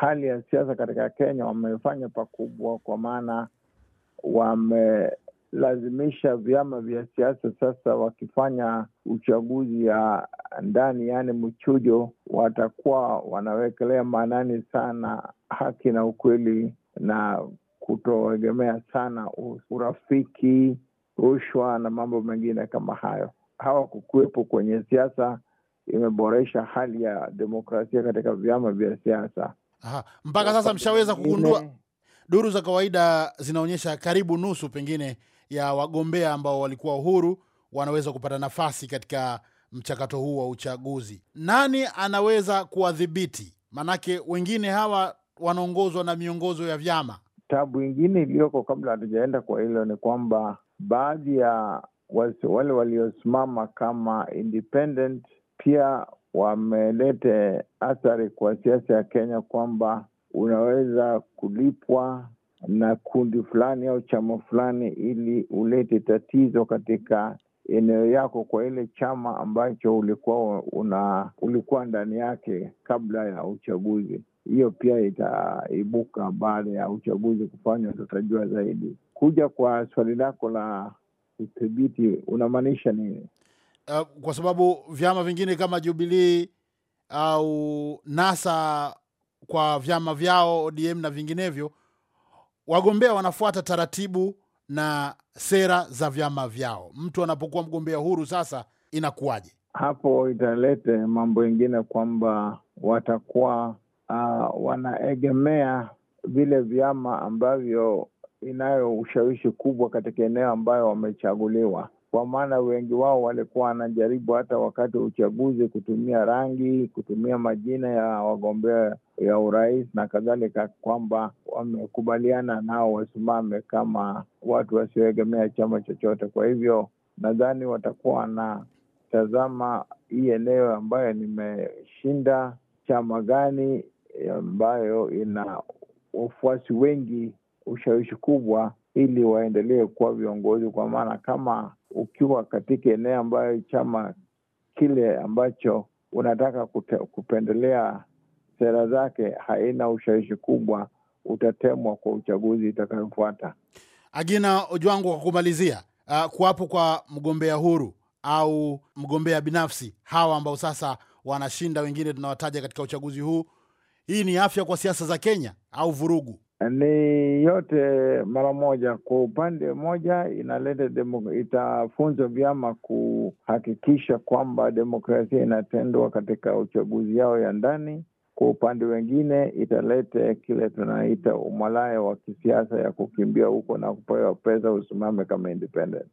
hali ya siasa katika Kenya wamefanya pakubwa, kwa maana wamelazimisha vyama vya siasa sasa, wakifanya uchaguzi ya ndani, yaani mchujo, watakuwa wanawekelea maanani sana haki na ukweli na kutoegemea sana urafiki, rushwa na mambo mengine kama hayo. Hawakukuwepo kwenye siasa imeboresha hali ya demokrasia katika vyama vya siasa. Aha, mpaka sasa mshaweza kugundua duru za kawaida zinaonyesha karibu nusu pengine ya wagombea ambao walikuwa uhuru wanaweza kupata nafasi katika mchakato huu wa uchaguzi. Nani anaweza kuwadhibiti? Maanake wengine hawa wanaongozwa na miongozo ya vyama. Tabu ingine iliyoko, kabla hatujaenda kwa hilo, ni kwamba baadhi ya wale waliosimama kama independent pia wamelete athari kwa siasa ya Kenya kwamba unaweza kulipwa na kundi fulani au chama fulani ili ulete tatizo katika eneo yako kwa ile chama ambacho ulikuwa una ulikuwa ndani yake kabla ya uchaguzi. Hiyo pia itaibuka baada ya uchaguzi kufanywa, tutajua zaidi. Kuja kwa swali lako la udhibiti, unamaanisha nini? uh, kwa sababu vyama vingine kama Jubilii au NASA kwa vyama vyao ODM na vinginevyo, wagombea wanafuata taratibu na sera za vyama vyao. Mtu anapokuwa mgombea huru sasa, inakuwaje hapo? Italete mambo yengine kwamba watakuwa uh, wanaegemea vile vyama ambavyo inayo ushawishi kubwa katika eneo ambayo wamechaguliwa kwa maana wengi wao walikuwa wanajaribu hata wakati wa uchaguzi kutumia rangi, kutumia majina ya wagombea ya urais na kadhalika, kwamba wamekubaliana nao wasimame kama watu wasioegemea chama chochote. Kwa hivyo nadhani watakuwa wanatazama hii eneo ambayo nimeshinda, chama gani ambayo ina wafuasi wengi, ushawishi kubwa ili waendelee kuwa viongozi, kwa maana kama ukiwa katika eneo ambayo chama kile ambacho unataka kute, kupendelea sera zake haina ushawishi kubwa, utatemwa kwa uchaguzi itakayofuata. Agina Ojwangu, kwa kumalizia, uh, kuwapo kwa mgombea huru au mgombea binafsi hawa ambao sasa wanashinda, wengine tunawataja katika uchaguzi huu, hii ni afya kwa siasa za Kenya au vurugu? ni yote mara moja. Kwa upande mmoja, inaleta itafunza vyama kuhakikisha kwamba demokrasia inatendwa katika uchaguzi yao ya ndani. Kwa upande wengine, italete kile tunaita umalaya wa kisiasa ya kukimbia huko na kupewa pesa usimame kama independent.